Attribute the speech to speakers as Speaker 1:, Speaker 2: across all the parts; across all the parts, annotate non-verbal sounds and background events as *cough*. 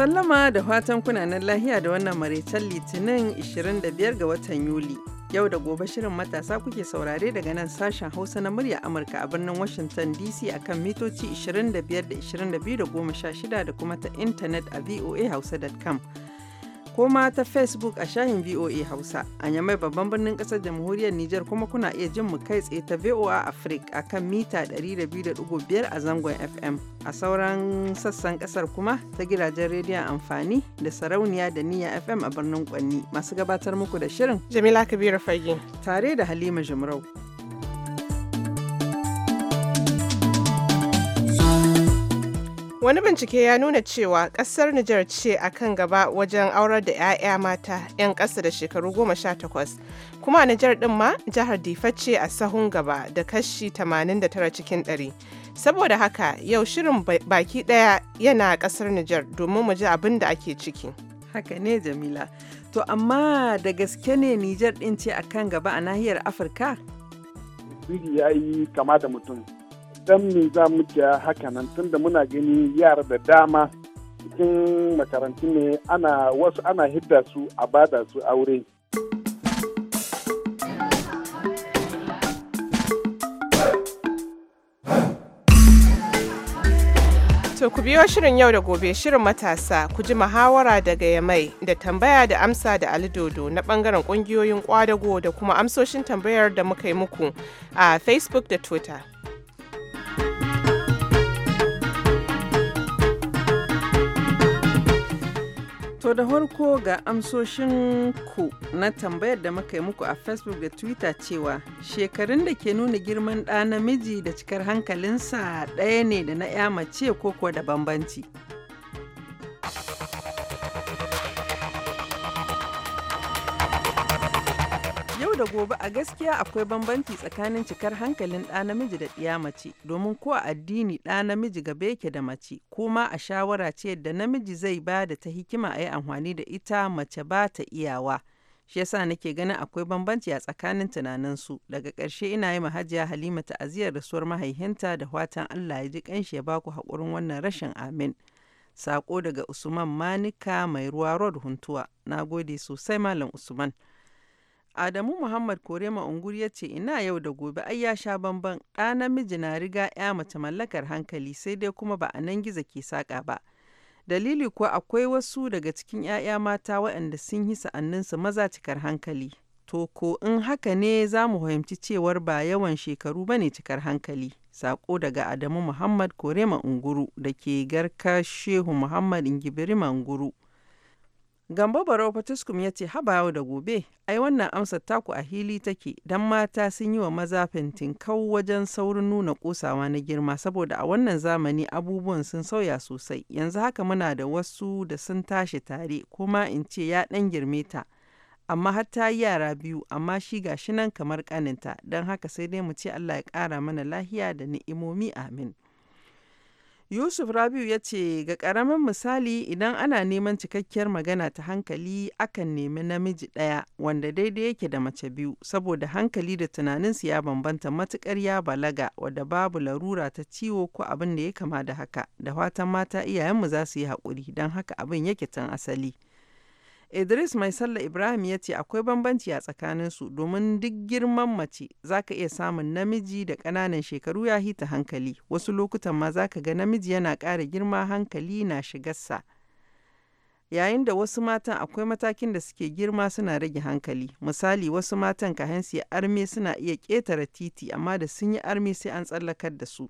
Speaker 1: Sallama da fatan kunanan lahiya da wannan maraicen litinin 25 ga watan Yuli. Yau da gobe shirin matasa kuke saurare daga nan sashen Hausa na murya Amurka a birnin Washington DC akan mitoci 25 da 22 da 16 da kuma ta intanet a voa voahausa.com. koma ta Facebook a shahin VOA Hausa. A yamai babban birnin kasar jamhuriyar Nijar kuma kuna iya jin mu kai tsaye ta VOA Africa a kan mita 200.5 a zangon FM. A sauran sassan kasar kuma ta gidajen rediyon amfani da sarauniya da niya FM a birnin Kwanni. Masu gabatar muku da shirin. Jamila Kabiru Fage. Tare
Speaker 2: da Halima Jumrau. Wani bincike ya nuna cewa ƙasar Nijar ce a kan gaba wajen aurar da 'ya'ya mata 'yan ƙasa da shekaru goma sha takwas, kuma Nijar ɗin ma jihar Difa ce a sahun gaba da kashi 89 cikin ɗari. Saboda haka yau shirin baki ɗaya yana ƙasar Nijar domin mu ji abin da ake ciki. Haka ne Jamila. To amma da gaske ne Nijar ɗin ce a kan gaba a
Speaker 1: nahiyar
Speaker 3: Afirka? ya yi kama da mutum. dan me za mu ja haka nan tunda muna gani yara da dama cikin makarantu ne ana wasu ana hidda su a bada su aure.
Speaker 2: To ku biyo shirin yau da gobe shirin matasa ku ji mahawara daga yamai da tambaya da amsa da alidodo na bangaren kungiyoyin kwadago da kuma amsoshin tambayar da muka yi muku a Facebook da Twitter.
Speaker 1: To da farko ga amsoshin ku na tambayar da muka yi muku a Facebook da Twitter cewa shekarun da ke nuna girman ɗa namiji da cikar hankalinsa ɗaya ne da na 'ya mace ko kuwa da bambanci. da gobe a gaskiya akwai bambanci tsakanin cikar hankalin ɗa namiji da ɗiya mace domin ko a addini ɗa namiji gaba yake da mace kuma a shawara ce da namiji zai ba da ta hikima a yi amfani da ita mace ba ta iyawa shi yasa nake ganin akwai bambanci a tsakanin tunanin su daga ƙarshe ina yi hajiya halima ta'aziyar rasuwar mahaihinta da watan allah ya ji ƙanshi ya baku haƙurin wannan rashin amin sako daga usman manika mai ruwa rod huntuwa na gode sosai malam usman Adamu Muhammad Korema Ungur ya ce ina yau da gobe ai ya sha bamban ɗa namiji na riga ya mace mallakar hankali sai dai kuma ba a nan gizo ke saƙa ba. Dalili kuwa akwai wasu daga cikin 'ya'ya mata waɗanda sun yi sa'anninsu maza cikar hankali. To ko in haka ne za mu fahimci cewar ba yawan shekaru ba ne cikar hankali. saƙo daga Adamu Muhammad Korema Unguru da ke garka Shehu Muhammad Ingibirima Unguru. Gambo Barau Fatiskum ya ce haba yau da gobe, ai wannan amsar taku a hili take don mata sun yi wa maza fentin kau wajen saurin nuna kosawa na girma saboda a wannan zamani abubuwan sun sauya sosai. Yanzu haka muna da wasu da sun tashi tare kuma in ce ya ɗan girme ta. Amma hatta yara biyu amma shi ga shi nan kamar ƙaninta don haka sai dai mu ce Allah ya ƙara mana lahiya da ni'imomi amin. Yusuf Rabiu ya ce ga ƙaramin misali idan ana neman cikakkiyar magana ta hankali akan nemi namiji ɗaya wanda daidai yake da mace biyu saboda hankali da tunaninsu ya bambanta matuƙar ya balaga wadda babu larura ta ciwo ko abin da ya kama da haka da fatan mata iyayenmu za su yi haƙuri don haka abin yake tun asali. Idris Mai Sallah Ibrahim ya ce akwai bambanci a tsakanin su domin duk girman mace za ka iya samun namiji da ƙananan shekaru ya hita hankali. Wasu lokutan ma za ka ga namiji yana ƙara girma hankali na shigarsa. Yayin da wasu matan akwai matakin da suke girma suna rage hankali. Misali wasu matan kahin su arme suna iya ƙetare titi amma da sun yi arme sai an tsallakar da su.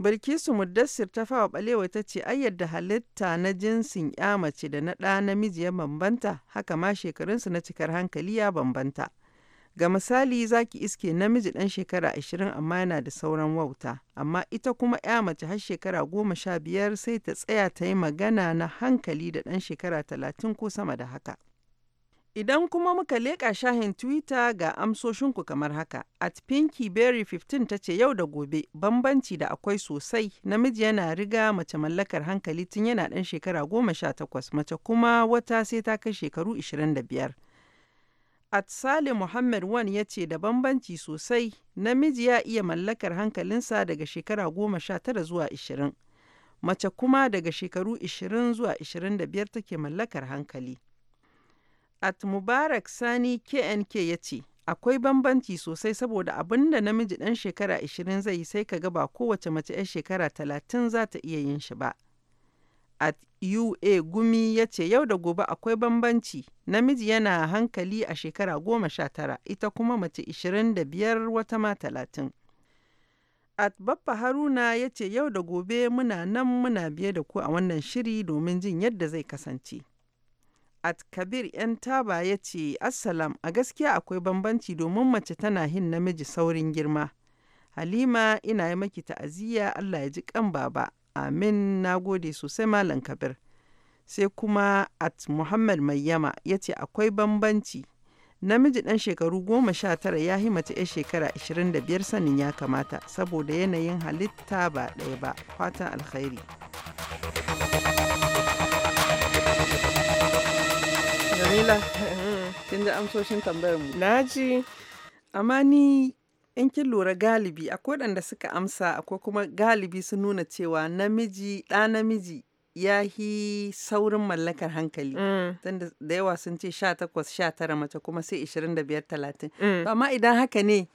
Speaker 1: Bilkisu Muddassir ta Fawa Balewa ta ce ai yadda halitta na jinsin ‘ya mace da na ɗa namiji ya bambanta, haka ma shekarunsu na cikar hankali ya bambanta. Ga misali zaki iske namiji ɗan shekara 20 amma yana da sauran wauta, amma ita kuma ‘ya mace har shekara goma sha biyar sai ta tsaya ta yi magana na hankali da ɗan shekara 30 ko sama da haka. Idan kuma muka leƙa shahin Twitter ga amsoshinku kamar haka, @PinkyBerry15 ta ce yau da gobe bambanci da akwai sosai, namiji yana riga mace mallakar hankali tun yana ɗan shekara goma sha takwas, mace kuma wata sai ta kai shekaru 25. At Sale Muhammad Wan ya ce da bambanci sosai, namiji ya iya mallakar hankalinsa daga shekara goma sha tara zuwa ishirin, mace kuma daga shekaru ishirin zuwa ishirin da biyar take mallakar hankali. at @Mubarak Sani KNK ya ce, Akwai bambanci sosai saboda abinda namiji dan shekara 20 zai yi sai ka gaba kowace mace 'yar shekara 30 za ta iya yin shi ba. at @UA Gumi ya ce yau da gobe akwai bambanci, namiji yana hankali a shekara 19, ita kuma mace 25 wata ma 30. at Baffa Haruna ya ce yau da gobe muna nan muna biye da ku a wannan shiri domin jin yadda zai kasance. at kabir yan taba ya ce assalam a gaskiya akwai bambanci domin mace tana hin namiji saurin girma halima ina yi maki ta'aziyya allah ya ji kan baba amin na gode sosai malam kabir sai kuma at muhammad mayyama ya ce akwai bambanci namiji dan shekaru goma sha tara ya yi mace 'yar shekara 25 sanin ya kamata saboda yanayin halitta ba ɗaya ba fatan alkhairi Jamila, *laughs* kin ji amsoshin tambayar mu. Naji. Amma ni in kin lura galibi akwai waɗanda suka amsa akwai kuma galibi sun nuna cewa namiji ɗa namiji ya yi saurin mallakar hankali. Mm. Tunda da yawa sun ce 18 19 mace kuma sai 25 30. Mm. Amma idan haka ne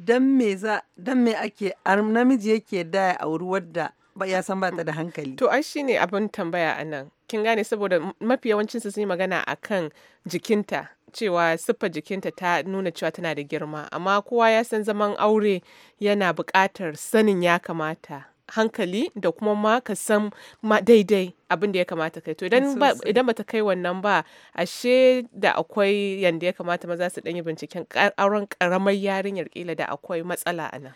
Speaker 1: don me za dan me ake namiji yake da
Speaker 2: ya auri wadda ba ya san ba ta da hankali to ai shine abin tambaya anan kin gane saboda mafi yawancin su sun yi magana kan jikinta cewa siffa jikinta ta nuna cewa tana da girma amma kowa ya san zaman aure yana buƙatar sanin ya kamata hankali da kuma ma ka san daidai abin da ya kamata kai to idan bata kai wannan ba ashe da akwai yanda ya kamata maza su ɗanyi binciken auren ƙaramar yarinyar kila da akwai matsala a nan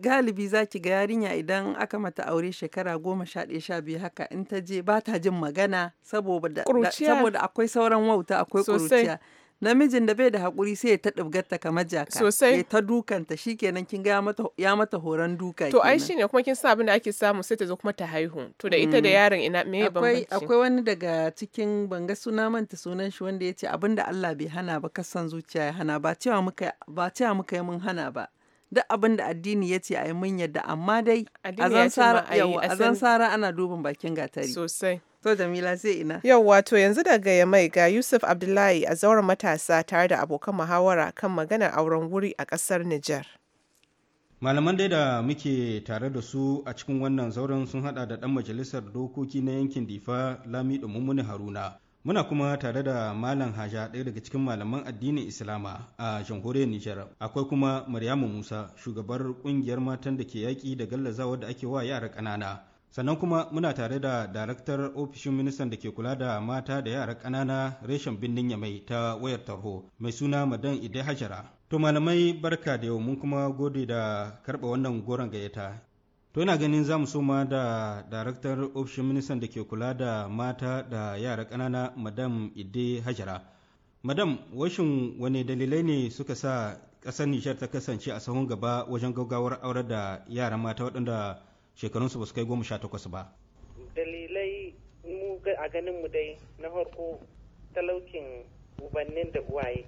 Speaker 2: galibi
Speaker 1: za ki ga yarinya idan aka mata aure shekara goma sha ɗaya sha biyu haka in ta je ba ta jin magana saboda saboda akwai sauran wauta akwai ƙuruciya namijin da bai da haƙuri sai ya ta ɗibgarta kamar jaka sosai ya ta dukanta kenan kin ga ya mata horon duka to ai shine
Speaker 2: kuma kin san abin da ake samu sai ta zo kuma ta haihu to da ita da mm. yaron ina me ya bambanci akwai wani daga
Speaker 1: cikin banga suna manta sunan shi wanda yace abin da Allah bai hana ba kasan zuciya ya hana ba cewa muka ba cewa muka yi mun hana ba duk abin da addini ya ce a yi mun yadda amma dai a zan sara ana dubin bakin gatari sosai jamila sai ina
Speaker 2: yau wato yanzu daga yamai ga yusuf abdullahi a zauren matasa tare da abokan muhawara kan maganar auren wuri a ƙasar nijar
Speaker 4: malaman dai da muke tare da su a cikin wannan zauren sun hada da ɗan majalisar dokoki na yankin difa lami mummuni haruna Muna kuma tare da Malam Haja ɗaya daga cikin malaman addinin Islama a jamhuriyar Nijar. Akwai kuma Maryamu Musa, shugabar ƙungiyar matan da ke yaƙi da gallazawa da ake wa yara ƙanana. Sannan kuma muna tare da daraktar ofishin ministan da ke kula da mata da yara ƙanana reshen birnin Yamai ta wayar tarho mai suna Madan idai Hajara. To malamai barka da yau mun kuma gode da karɓa wannan goron gayyata To ina ganin za mu soma da daraktar ofishin ministan da ke kula da mata da yara kanana madam Ide Hajara. Madam, washin wane dalilai ne suka sa ƙasar Nishar ta kasance a sahun gaba wajen gaggawar aurar da yara mata waɗanda shekarunsu ba su kai goma sha takwas ba?
Speaker 5: Dalilai mu a ganin mu dai na farko talaucin ubannin da uwaye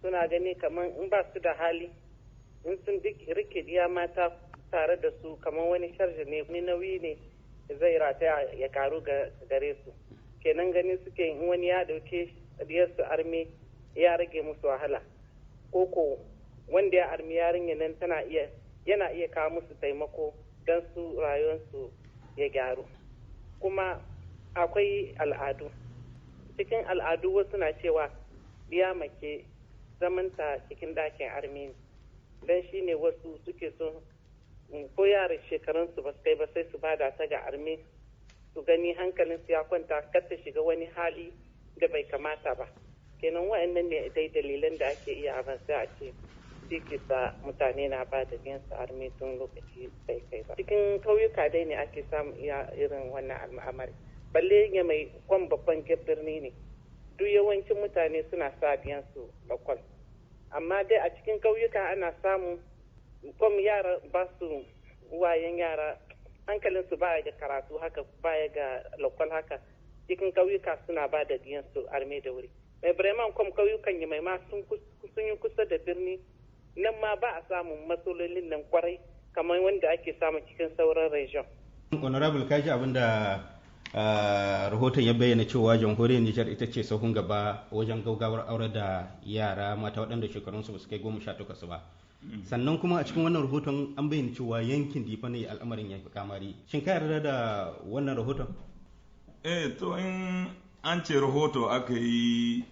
Speaker 5: suna gani kamar in ba su da hali in sun rike mata tare da su kamar wani sharji ne wani nauyi ne zai rataya ya karu ga gare su kenan gani suke in wani ya dauke su armi ya rage musu wahala koko wanda ya armi yarinya nan tana iya yana iya kawo musu taimako don su rayuwarsu ya gyaru kuma akwai al'adu cikin al'adu wasu na cewa ya make zamanta cikin ɗakin armi don shi ne wasu suke son Mm, ko yaran shekarunsu ba su kai ba sai su bada ta ga arme su gani hankalin su ya kwanta kar ta shiga wani hali da bai kamata ba kenan wa'annan ne dai dalilan da ake iya abin sai a ce ciki sa mutane na ba da biyan su arme tun lokaci bai kai ba cikin kauyuka dai ne ake samun iya irin wannan al'amari balle ya mai kwan babban birni ne duk yawancin mutane suna sa biyan su bakwal amma dai a cikin kauyuka ana samu. kom yara ba su wayan yara hankalinsu baya ga karatu haka baya ga lokal haka cikin kauyuka suna ba da su arme da wuri mai bremen kom kauyukan yi mai ma sun yi kusa da birni nan ma ba a samun matsalolin nan kwarai kamar wanda ake samun cikin sauran region.
Speaker 4: honorable abin da ah, rahoton ya bayyana cewa jamhuriyar nijar ita ce sahun gaba wajen gaugawar aure da yara mata waɗanda shekarunsu ba su kai goma sha takwas ba Mhm. sannan kuma a cikin wannan rahoton an bayyana cewa yankin difa ne al'amarin ya fi kamari shin ka yarda da wannan rahoton
Speaker 6: eh to in an ce rahoto aka yi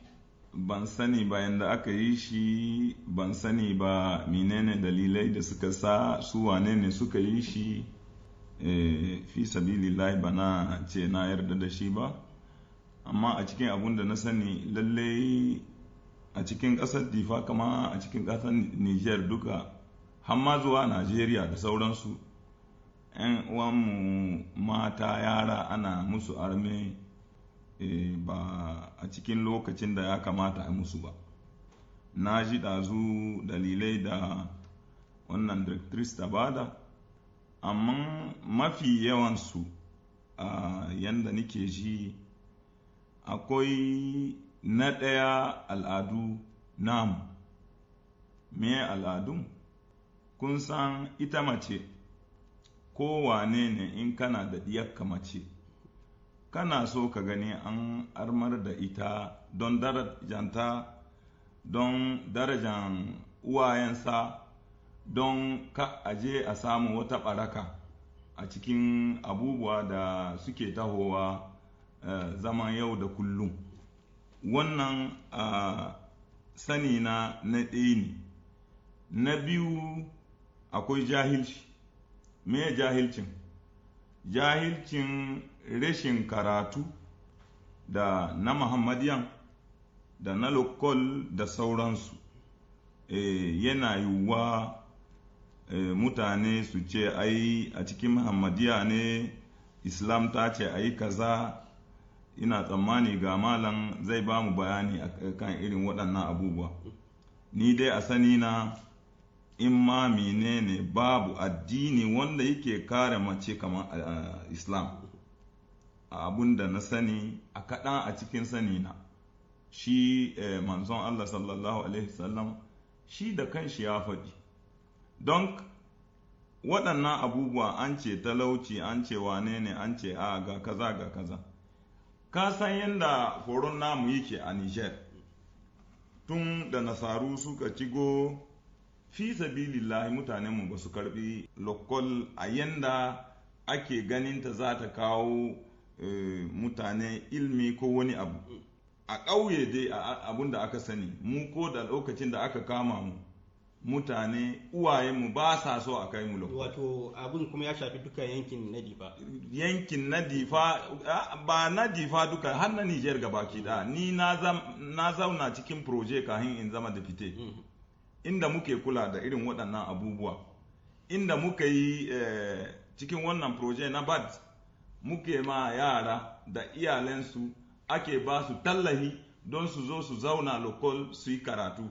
Speaker 6: ban sani ba yanda aka yi shi ban sani ba menene dalilai da suka sa su wane ne suka yi shi eh, fi sabilillahi ba na ce na yarda da shi ba amma a cikin abun da na sani lallai a cikin ƙasar difa kama a cikin ƙasar niger duka hamma zuwa najeriya da sauransu 'yan uwanmu mata yara ana musu arme eh, ba a cikin lokacin da ya kamata a musu ba na ji ɗazu dalilai da wannan directrice ta bada amma mafi yawansu a yanda nike ji akwai na ɗaya al'adu namu me al'adun kun san ita mace ko wane ne in kana da ɗiyakka mace kana so ka gani an armar da ita don darajanta don darajan uwayensa don ka aje a samu wata ɓaraka a cikin abubuwa da suke tahowa eh, zaman yau da kullum wannan a sani na na ɗaya ne na biyu akwai jahilci me jahilcin jahilcin rashin karatu da na muhammadiyan da na lokol da sauransu e, yana yiwuwa e, mutane su ce ai a cikin muhammadiya ne islam ta ce ai kaza ina tsammani ga malam zai ba mu bayani kan irin waɗannan abubuwa ni dai a sani na in ma menene babu addini wanda yake kare mace kamar islam abun da na sani a kaɗan a cikin sani na shi eh, manzon allah sallallahu alaihi sallam shi da kanshi ya faɗi don waɗannan abubuwa an ce talauci an ce wane ne an ce a ga kaza ga kaza ka san yadda horon namu yake a niger tun da nasaru suka cigo fi sabilillahi mutanenmu ba su karbi lokol a yanda ake ganin ta za ta kawo eh, mutane ilmi ko wani abu a ƙauye dai abun da aka sani mu ko da lokacin da aka kama mu mutane uwayenmu ba sa so a kai mu lokacin. Wato abin kuma ya shafi duka yankin na difa. Yankin na difa ba na difa duka har na Nijar gabaki da mm-hmm. ni na zauna cikin proje kahin in zama da fite. Mm-hmm. Inda muke kula da irin waɗannan abubuwa. Inda muka yi eh, cikin wannan proje na BAD muke ma yara da iyalensu ake ba su tallahi don su zo su zauna lokal su yi karatu.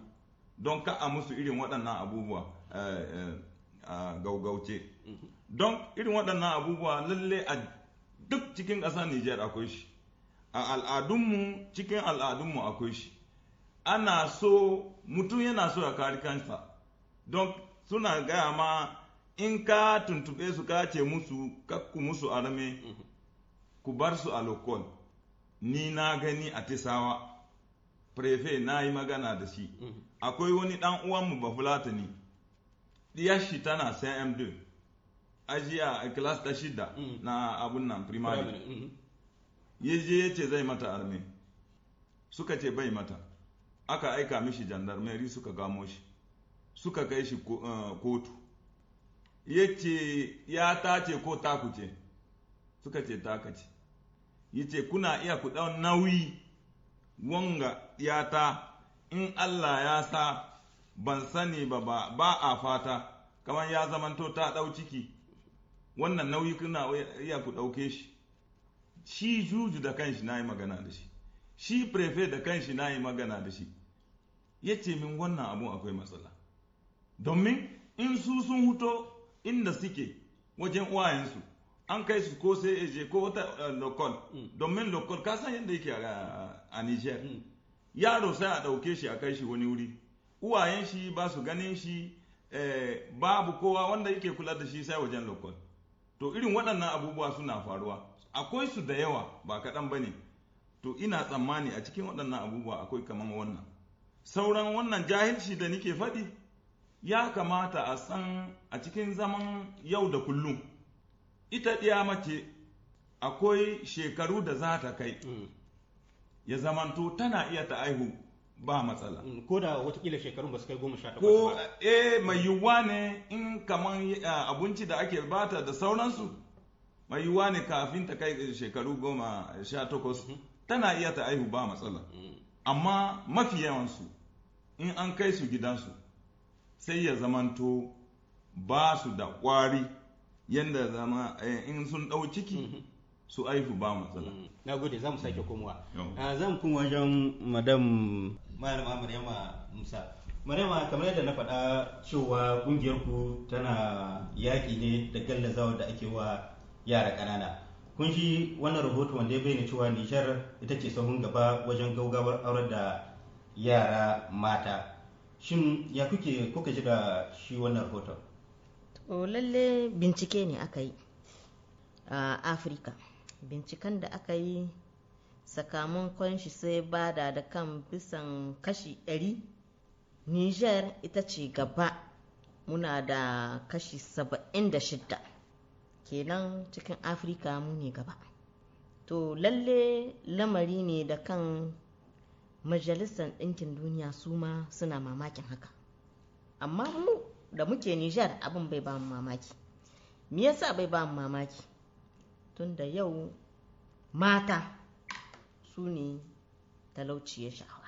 Speaker 6: don ka a musu irin waɗannan abubuwa eh, eh, a gaugauce don irin waɗannan abubuwa lalle a duk cikin ƙasar Nijar akwai shi a al'adunmu cikin al'adunmu akwai shi ana so mutum yana so ya kari kansa don suna gaya ma in ka tuntube su ka ce musu kakku musu arame ku bar su a lokol ni na gani a tisawa prefe na yi magana da shi akwai wani ɗan uwanmu ba fulatani shi tana cm2 ajiya a class ta shida mm. na abun nan primary mm-hmm. ya je ya ce zai mata arme suka ce bai mata aka aika mishi jandarmeri suka gamo shi suka kai shi eh, kotu ya ce ya tace ko taku ce suka ce taka ce ya ce kuna iya ku ɗau nauyi wanga ya ta in Allah ya sa ban sani ba ba a fata kamar ya zamanto ta ɗau ciki wannan nauyi kuna iya ku ɗauke shi shi juju da kanshi na yi magana da shi shi prefe da kanshi na yi magana da shi ya ce min wannan abun akwai matsala domin in su sun huto inda suke wajen wayansu an kai su ko sai eje ko wata eh, lokal mm. domin lokal kasan yadda yake a niger mm. yaro sai a ɗauke shi a kai shi wani wuri uwayen shi ba su ganin shi eh, babu kowa wanda yake kula da shi sai wajen lokal to irin waɗannan abubuwa suna faruwa akwai su da yawa ba kaɗan ba ne to ina tsammani a cikin waɗannan abubuwa akwai kamar wannan sauran wannan jahilci da nike faɗi ya kamata a san a cikin zaman yau da kullum ita ɗiya mace akwai shekaru da za ta kai mm. ya zamanto tana iya ta aihu ba matsala mm, ko da watakila shekarun ba su kai goma sha takwas ko e mai yiwuwa ne in kaman eh, abinci da ake bata da sauransu mai yiwuwa ne kafin ta kai eh, shekaru goma sha takwas mm-hmm. tana iya ta aihu ba matsala mm. amma mafi yawansu in an kai su gidansu sai ya zamanto ba su da ƙwari yadda zama in sun ɗau ciki mm-hmm. su aifu ba matsala mm. na gode za mu sake mm. komowa
Speaker 4: ah, zan kun wajen madam malama maryama musa maryama kamar yadda na faɗa cewa ƙungiyar ku tana yaƙi ne da gallazawa da ake wa yara ƙanana kun shi wannan rahoton wanda ya bayyana cewa nijar ita ce sahun gaba wajen gaugawar aurar da yara mata shin ya kuke kuka ji da shi wannan rahoton
Speaker 7: to lalle bincike ne aka yi a afirka binciken da aka yi sakamakon shi sai bada da kan bisan kashi 100 niger ita ce gaba muna da kashi 76 kenan cikin afirka mu gaba to lalle lamari ne da kan majalisar ɗinkin duniya su ma suna mamakin haka amma mu da muke nijar abin bai ba mamaki me yasa bai bamu mamaki tunda yau mata su ne talauci ya shawa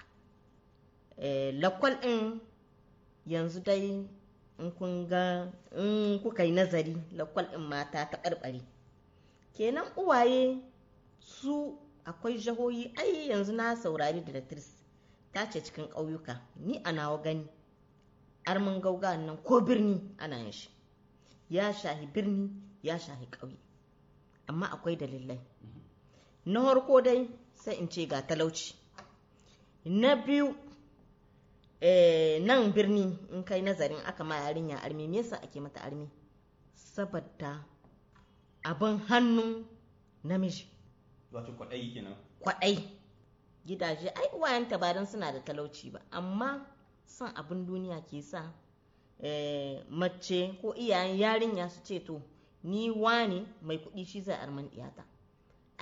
Speaker 7: eh, lakwal ɗin yanzu dai in kuka yi nazari lakwal ɗin mata ta ƙarɓare kenan uwaye su akwai jihohi ai yanzu na saurari da ta ce cikin ƙauyuka ni a nawa gani armin gauga nan ko birni ana yin shi ya shahi birni ya shahi ƙauye amma akwai dalilai mhm. na harko dai sai in ce ga talauci na biyu eh, nan birni in kai nazarin aka ma yarinya armi me yasa ake mata armi saboda abin hannun namiji
Speaker 4: wato kwadai kenan
Speaker 7: kwadai gidaje ai wayan tabarin suna da talauci ba amma son abin duniya ke sa eh, mace ko iyayen yarinya su ce to ni wani mai kuɗi shi zai arman ɗiyata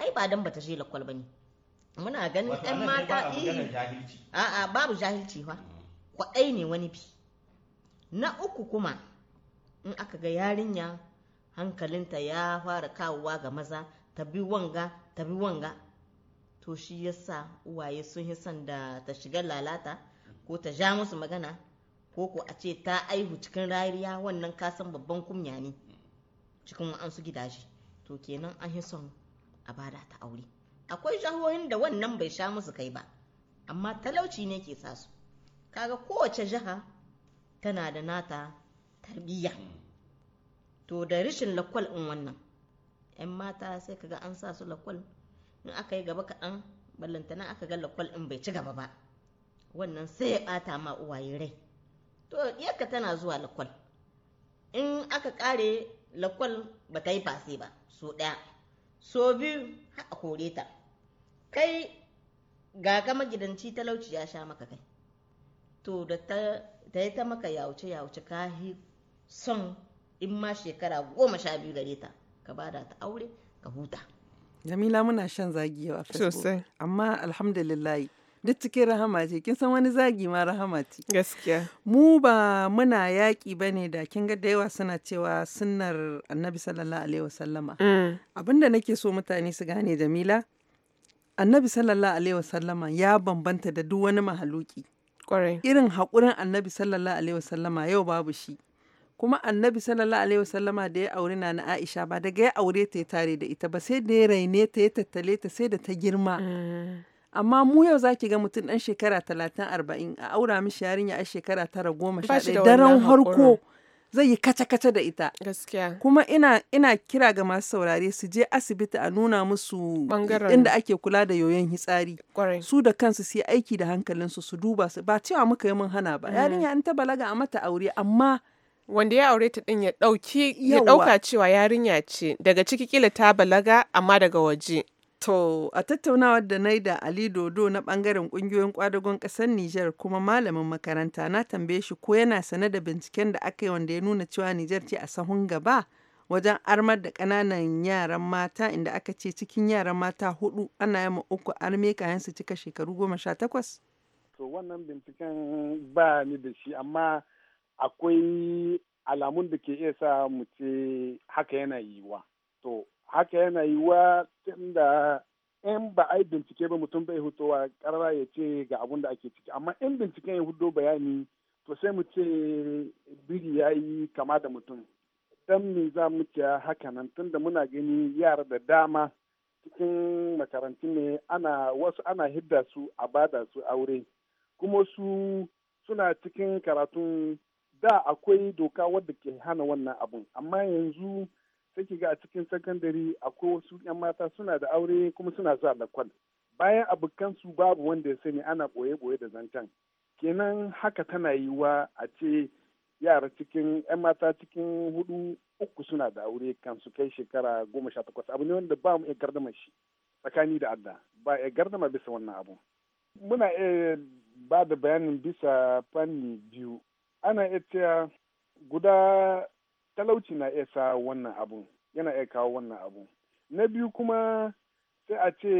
Speaker 7: ai ba dan bata je lakwal bane muna ganin ɗan mata eh. a'a babu jahilci fa mm. kwaɗai ne wani bi na uku kuma in aka ga yarinya hankalinta ya fara kawowa ga maza ta bi wanga ta bi wanga to shi yasa uwaye sun yi son da ta shiga lalata ko ta ja musu magana ko ko a ce ta aihu cikin rariya wannan kasan babban kumya ne mm. cikin an su gidaje to kenan an yi son a bada ta aure akwai jahohin da wannan bai sha musu kai ba amma talauci ne ke sa su kaga kowace jiha tana da nata tarbiyya to da rishin lakwal in wannan 'yan mata sai kaga an sa su lakwal in aka yi gaba kaɗan ballantana aka ga lakwal in bai ci gaba ba wannan sai ya ɓata ma uwaye rai to iyaka tana zuwa lakwal in aka ƙare lakwal ba ta yi fasi ba su ɗaya so biyu a kore ta kai gaga magidanci talauci ya sha maka kai to da ta yi ta maka yawuce yawuce ka yi son in ma shekara goma sha biyu gare ta ka bada ta aure
Speaker 1: ka huta jamila muna shan zagi yau a facebook amma alhamdulillah duk cikin rahama ce kin san wani zagi ma rahama ce gaskiya mu ba muna yaƙi bane da kin ga da yawa suna cewa sunnar annabi sallallahu alaihi wasallama mm. abinda nake so mutane su gane jamila annabi sallallahu alaihi wasallama ya bambanta da duk wani mahaluki irin haƙurin annabi sallallahu alaihi wasallama yau babu shi kuma annabi sallallahu alaihi wasallama da ya aure na na Aisha ba daga ya aure ta ya tare da ita ba sai da ya raine ta ya tattale ta sai da ta girma mm. amma mu yau zaki ga mutum ɗan shekara talatin arba'in a aura mishi yarinya a shekara tara goma sha ɗaya daren harko zai yi kaca-kaca da ita gaskiya kuma ina ina kira ga masu saurare su je asibiti a nuna musu inda ake kula da yoyon hitsari su da kansu su yi aiki da hankalinsu su duba su ba cewa muka yi mun hana ba mm. yarinya in ta balaga
Speaker 2: a mata aure amma wanda ya aure ta din ya dauki ya dauka cewa yarinya ce daga ciki kila ta balaga amma daga waje To, a tattaunawar da na da
Speaker 1: Ali Dodo na ɓangaren ƙungiyoyin ƙwadagon ƙasar Nijar kuma malamin makaranta na tambaye shi ko yana sane da binciken da aka yi wanda ya nuna cewa Nijar ce a sahun gaba wajen armar da ƙananan yaran mata inda aka ce cikin yaran mata hudu ana yi uku arme kayan su cika shekaru goma sha takwas.
Speaker 3: To wannan binciken ba ni da shi amma akwai alamun da ke iya sa mu ce haka yana yiwuwa. To haka yana yiwuwa tunda in ba a yi bincike ba mutum bai hutowa karara ya ce ga abun da ake ciki amma in binciken ya hudo bayani to sai mu ce biri ya yi kama da mutum dan me za mu ce haka nan tunda muna gani yara da dama cikin makaranti ne ana wasu ana hidda su a bada su aure kuma su suna cikin karatun da akwai doka wadda ke hana wannan abun amma yanzu sai ki ga a cikin sakandare akwai wasu 'yan mata suna da aure kuma suna zuwa lakwal bayan su babu wanda ya sani ana boye-boye da zancen kenan haka tana yiwuwa a ce yara cikin 'yan mata cikin hudu uku suna da aure kan kai shekara goma sha takwas abu ne wanda ba mu iya gardama shi tsakani da adda ba iya gardama bisa wannan abu muna iya ba da bayanin bisa fanni biyu ana iya cewa guda talauci na iya sa wannan abun yana iya kawo wannan abu na biyu kuma sai a ce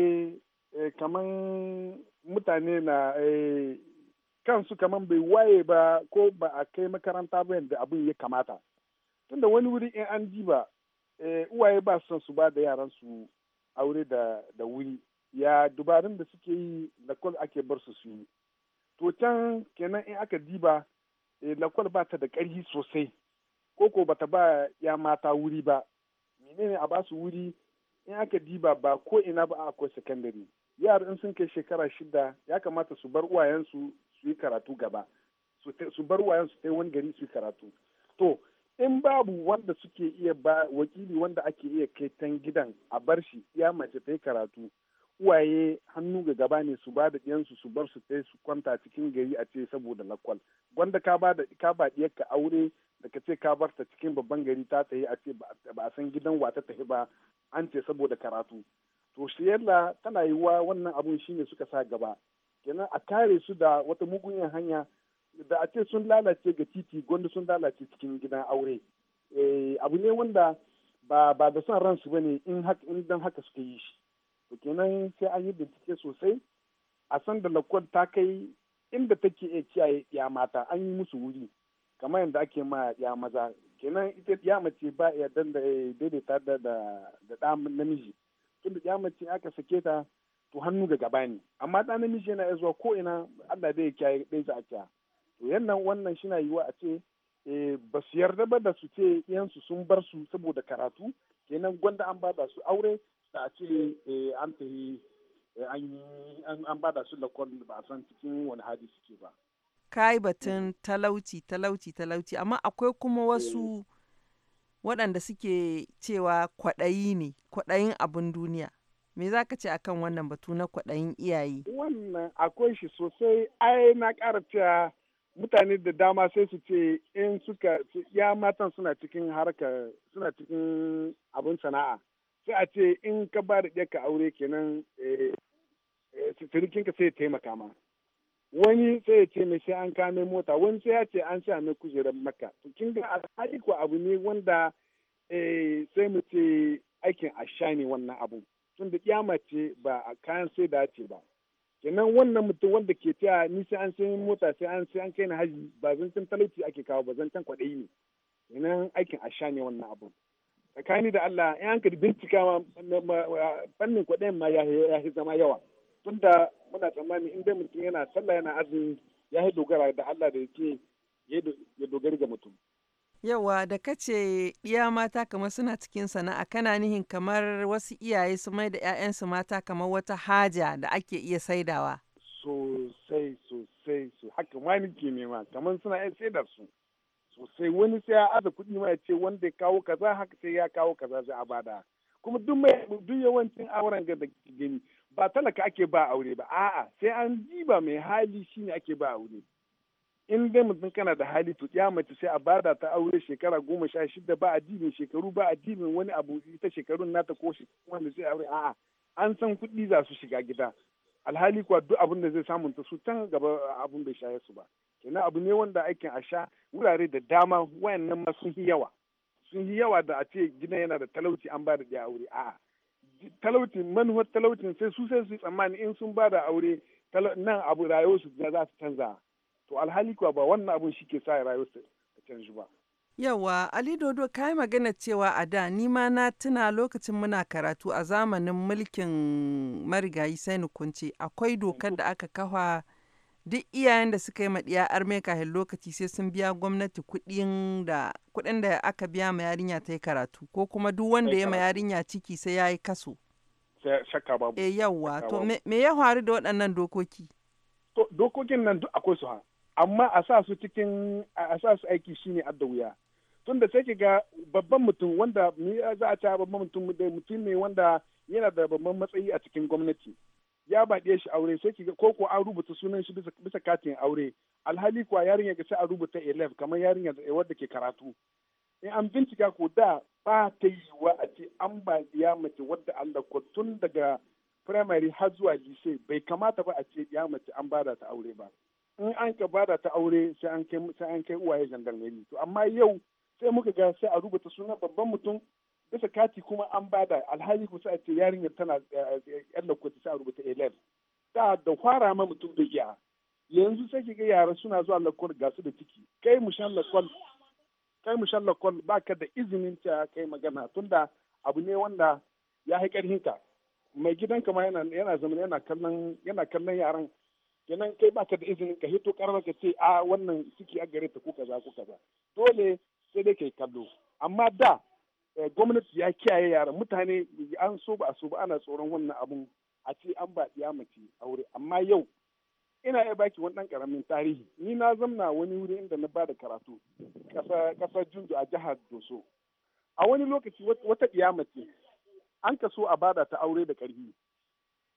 Speaker 3: eh, kaman mutane na eh, kansu kaman bai waye ba ko ba a kai makaranta ba yadda abin ya kamata tunda wani wuri in an ji ba eh, uwaye ba son su ba da yaran su aure da wuri ya dubarun da suke yi lakwal ake bar su su yi to can kenan in aka diba lakwal ba ta da ƙarfi sosai koko ko bata ba ya mata wuri ba menene a basu wuri in aka diba ba ko ina ba akwai sakandare yara in sun kai shekara shida ya kamata su bar uwayensu su yi karatu gaba su bar uwayensu ta wani gari su yi karatu to in babu wanda suke iya ba wakili wanda ake iya kai tan gidan a bar shi ya mace ta yi karatu uwaye hannu ga gaba ne su ba da ɗiyansu su bar su ta su kwanta cikin gari a ce saboda lakwal gwanda ka ba ka ba ɗiyarka aure da ce ka bar ta cikin babban gari ta tsaye a ce ba a san gidan wa ta tafi ba an ce saboda karatu to shi yalla tana yiwuwa wannan abun shine suka sa gaba kenan a kare su da wata mugunyan hanya da a ce sun lalace ga titi gwanda sun lalace cikin gidan aure eh, abu ne wanda ba ba da son ransu ba ne in dan haka suka yi shi to kenan sai an yi bincike sosai a san da ta kai inda take iya kiyaye ya mata an yi musu wuri kamar yadda ake ma ya maza kenan ita ya mace ba ya dan da eh, daidaita da da da namiji tunda ya mace aka sake ta to hannu ga gaba ne amma da namiji yana ya zuwa ko ina Allah ya kiyaye dai za a kiya to yannan wannan shi na yiwa a ce eh, ba su yarda ba da su ce su sun bar su saboda karatu kenan gwanda an bada su aure da a ce eh, an tahi an bada su lakon ba san cikin wani hadi suke ba
Speaker 1: kai batun mm. talauci talauci talauci amma akwai kuma mm. wasu waɗanda suke cewa kwaɗayi ne kwaɗayin abin duniya me za ka ce akan wannan batu na kwaɗayin iyaye
Speaker 3: wannan akwai shi sosai ai na ƙara mutane da dama sai su ce in suka ya matan suna cikin harka suna cikin abin sana'a sai a ce in ka ba da ka aure kenan sirikinka eh, eh, sai taimaka ma wani sai ya ce mai sai an kame mota wani sai ya ce an sa na kujerar maka kin ga alhali ko abu ne wanda eh, sai mu ce aikin sha ne wannan abu tun da kiyama ce ba a kayan sai da ce ba kenan wannan mutum wanda ke cewa ni sai an sai mota sai an sai an kai na haji ba zancen talauci ake kawo ba zancen kwaɗayi ne kenan aikin sha ne wannan abu tsakani da Allah in an ka bincika fannin kwaɗayin ma ya zama yawa tunda muna tsammani in dai mutum yana sallah yana azumi ya yi dogara da Allah da yake ya dogari ga mutum.
Speaker 1: Yawa da kace iya mata kamar suna cikin sana'a kana nihin kamar wasu iyaye su mai da 'ya'yansu mata kamar wata haja da ake iya saidawa.
Speaker 3: Sosai sosai su haka ma nike nema kamar suna iya saida su. Sosai wani sai ya aza kuɗi ma ya ce wanda ya kawo kaza haka sai ya kawo kaza sai a bada. Kuma duk yawancin auren ga da gani ba talaka ake ba aure ba a'a sai an jiba mai hali shine ake ba aure in dai mutum kana da hali to ya mace sai a bada ta aure shekara goma sha shida ba addinin shekaru ba addinin wani abu ita shekarun nata ko shi wanda zai aure a'a an san kuɗi za su shiga gida alhali kuwa duk abin da zai samun ta su can gaba abin bai shaye su ba kenan abu ne wanda aikin a sha wurare da dama wayannan ma sun yi yawa sun yi yawa da a ce gina yana da talauci an ba da ɗaya aure a'a talautin manuwar talaucin sai su sai su tsammani in sun ba da aure nan abu rayuwarsu za su canza to alhali kuwa ba wannan abun shi ke sa rayuwarsu ta canji ba
Speaker 1: Yawa Ali Dodo ka yi magana cewa a da ni ma na tuna lokacin muna karatu a zamanin mulkin marigayi sai kunce akwai dokar da aka kafa duk iyayen da suka yi maɗiya ɗiya arme kahin lokaci sai sun biya gwamnati kuɗin da kuɗin da aka biya ma yarinya ta yi karatu ko kuma duk wanda ya ma yarinya ciki sai ya yi kaso. Shakka babu. E eh, yawwa to me ya faru da
Speaker 3: waɗannan dokoki? To dokokin nan duk akwai su ha amma a sa su cikin a sa su aiki shine adda wuya. Tunda sai ki ga babban mutum wanda za a ce babban mutum mutum ne wanda yana da babban matsayi a cikin gwamnati. ya baɗe shi aure sai ki ko ko an rubuta sunan shi bisa katin aure alhali kuwa yarinya ga sai a rubuta elef kamar yarinya wadda ke karatu in an bincika ko da ba ta yi wa a ce an ba ya mace wadda Allah ko tun daga firamare har zuwa lycée bai kamata ba a ce ya mace an bada ta aure ba in an ka bada ta aure sai an kai sai an kai uwaye jandarmeri to amma yau sai muka ga sai a rubuta sunan babban mutum bisa kati kuma an bada alhali kusa a ce yarinyar tana eh, yan da sai a rubuta ll da da fara ma mutum da iya yanzu sai ki ga yara suna zuwa lakwal ga su da ciki kai mu shan kai mu shan baka da izinin ta kai magana tunda abu ne wanda ya haƙa hinka mai gidan kama yana yana zama yana kallon yana kallon yaran kenan kai baka da izinin ka hito karar ka ce a wannan ciki a gare ta ko kaza ko kaza dole sai dai kai kallo amma da Eh, gwamnati ya kiyaye yaran mutane an so ba a so ba ana tsoron wannan abun a ce an ba ya mace aure amma yau ina ya baki wani ɗan ƙaramin tarihi ni na zamna wani wuri inda na ba da karatu kasar jundu a jihar doso a wani lokaci wata ɗiya mace an ka so a bada ta aure da ƙarfi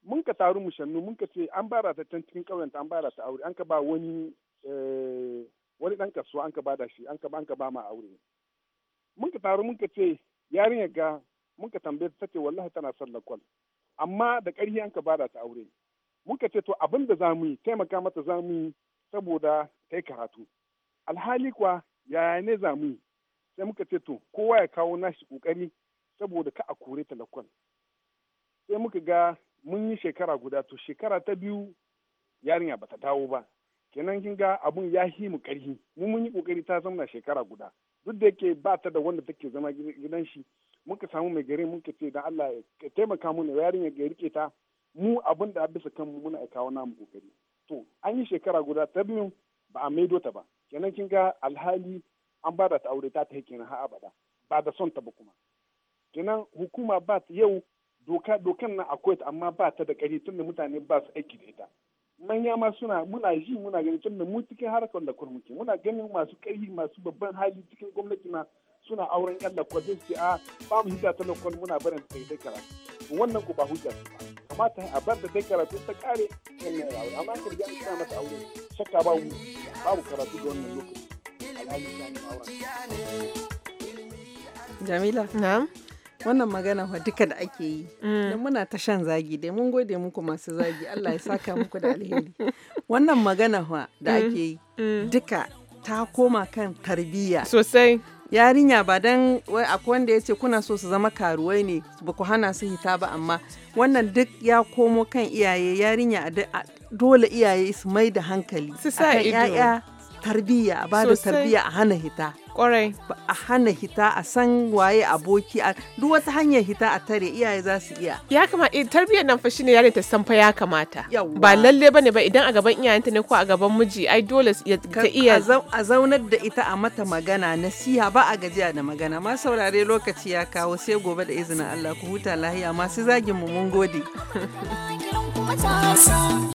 Speaker 3: mun ka taru mu shannu mun ka ce an bada ta can cikin ƙauyen ta an bada ta aure an ka ba wani eh, wani ɗan kasuwa an ka bada shi an ka ba ma aure mun ka taru mun ka ce yarinyar ga muka ka tambaye ta ce wallahi tana son lakwal amma da ƙarfi an ka bada ta aure mun ce to abin da za mu yi taimaka mata za mu yi saboda ta yi karatu alhali kuwa yaya ne za mu yi sai muka ce to kowa ya kawo nashi ƙoƙari saboda ka a kore ta lakwal sai muka ga mun yi shekara guda to shekara ta biyu yarinya ba ta dawo ba kenan kin ga abun ya hi mu ƙarfi mu mun yi ƙoƙari ta zauna shekara guda duk da yake ba ta da wanda take zama gidan shi muka samu mai gari muka ce da Allah ya taimaka mu yarin ya rike ta mu abin da bisa kanmu muna aikawa na namu kokari to an yi shekara guda ta biyu ba a maido ta ba kenan kin ga alhali an ba da ta aure ta ta kenan har abada ba da son ta ba kuma kenan hukuma ba ta yau doka dokan na akwai amma ba ta da kari tunda mutane ba su aiki da ita manya ma suna muna ji muna ganin can da mu cikin harkar da muke muna ganin masu karfi masu babban hali cikin gwamnati na suna auren yan lakwar sai ce a ah, ba mu hijja ta muna barin ta dai karatu wannan ku ba hujja ba kamata a bar da dai karatu ta kare yan yara amma ka riga ina mata aure shakka ba mu babu karatu da wannan lokaci alhali
Speaker 1: Jamila. Na'am. wannan magana wa duka da ake yi mm. don muna ta shan zagi dai mun gode muku masu zagi Allah ya saka muku da alheri wannan magana wa da mm. ake yi mm. duka ta koma kan tarbiyya sosai yarinya ba don akwai wanda ya ce kuna so su zama karuwai ne ba ku hana su hita ba amma wannan duk ya komo kan iyaye yarinya dole iyaye su mai da hankali su sa ido tarbiyya ba da tarbiyya a hana hita kwarai a hana hita a san waye aboki a duk wata hanyar hita a tare iyaye za su iya
Speaker 2: ya kamata eh, tarbiyyar nan fa shine yare ta san fa ya kamata ba lalle bane ba idan a gaban iyayenta ne ko a gaban miji ai dole ta iya a zaunar da
Speaker 1: ita a mata magana nasiha ba a gajiya da magana ma saurare lokaci ya kawo sai gobe da izinin
Speaker 6: Allah ku huta lahiya masu zagin mu mun gode
Speaker 3: *laughs*